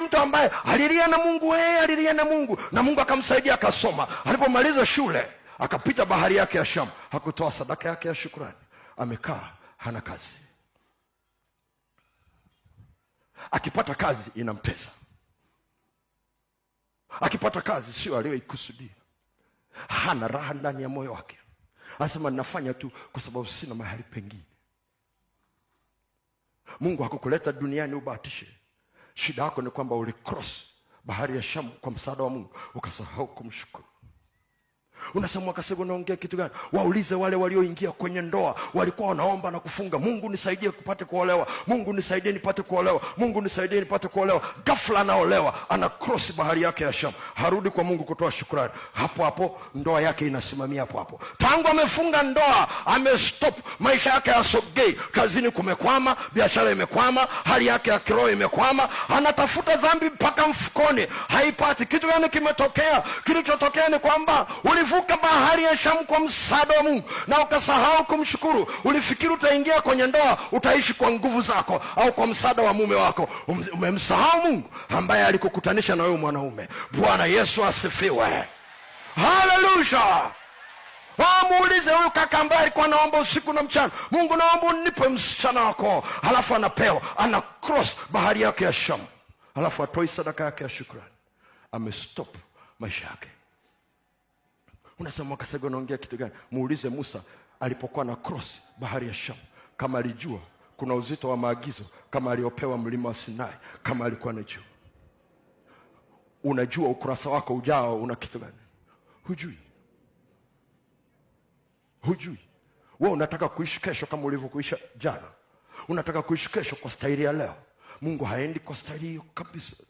mtu ambaye alilia na Mungu, yeye alilia na Mungu na Mungu akamsaidia akasoma. Alipomaliza shule akapita bahari yake ya Shamu, hakutoa sadaka yake ya shukrani, amekaa hana kazi. Akipata kazi inampesa, akipata kazi sio aliyoikusudia, hana raha ndani ya moyo wake, anasema nafanya tu kwa sababu sina mahali pengine. Mungu hakukuleta duniani ubahatishe. Shida yako ni kwamba ulikros bahari ya Shamu kwa msaada wa Mungu, ukasahau kumshukuru. Unasema Kasego, naongea kitu gani? Waulize wale walioingia kwenye ndoa, walikuwa wanaomba na kufunga, Mungu nisaidie kupate kuolewa, Mungu nisaidie nipate kuolewa, Mungu nisaidie nipate kuolewa. Ghafla anaolewa, ana cross bahari yake ya Shamu, harudi kwa Mungu kutoa shukrani, hapo hapo ndoa yake inasimamia hapo hapo. Tangu amefunga ndoa, amestop, maisha yake yasogei, kazini kumekwama, biashara imekwama, hali yake ya kiroho imekwama, anatafuta dhambi mpaka mfukoni, haipati. Kitu gani kimetokea? Kilichotokea ni kwamba uli ulivuka bahari ya Shamu kwa msaada wa Mungu na ukasahau kumshukuru. Ulifikiri utaingia kwenye ndoa utaishi kwa nguvu zako au kwa msaada wa mume wako. Umemsahau Mungu ambaye alikukutanisha na wewe mwanaume. Bwana Yesu asifiwe, haleluya. Muulize huyu kaka ambaye alikuwa anaomba usiku na mchana, Mungu naomba unipe msichana wako, halafu anapewa, ana cross bahari yake ya Shamu, halafu atoi sadaka yake ya shukrani, amestop maisha yake unasema kasego naongea kitu gani? Muulize Musa alipokuwa na cross bahari ya Shamu, kama alijua kuna uzito wa maagizo kama aliopewa mlima wa Sinai, kama alikuwa juu Unajua ukurasa wako ujao una kitu gani? Hujui, hujui. We unataka kuishi kesho kama ulivyokuisha jana, unataka kuishi kesho kwa staili ya leo. Mungu haendi kwa staili hiyo kabisa.